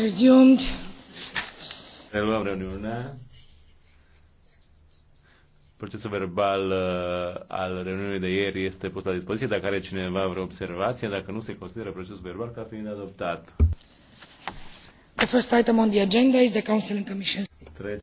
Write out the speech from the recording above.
resumed. Reluăm reuniunea. Procesul verbal uh, al reuniunii de ieri este pus la dispoziție. Dacă are cineva vreo observație, dacă nu se consideră procesul verbal ca fiind adoptat. The first item on the agenda is the Council and Commission.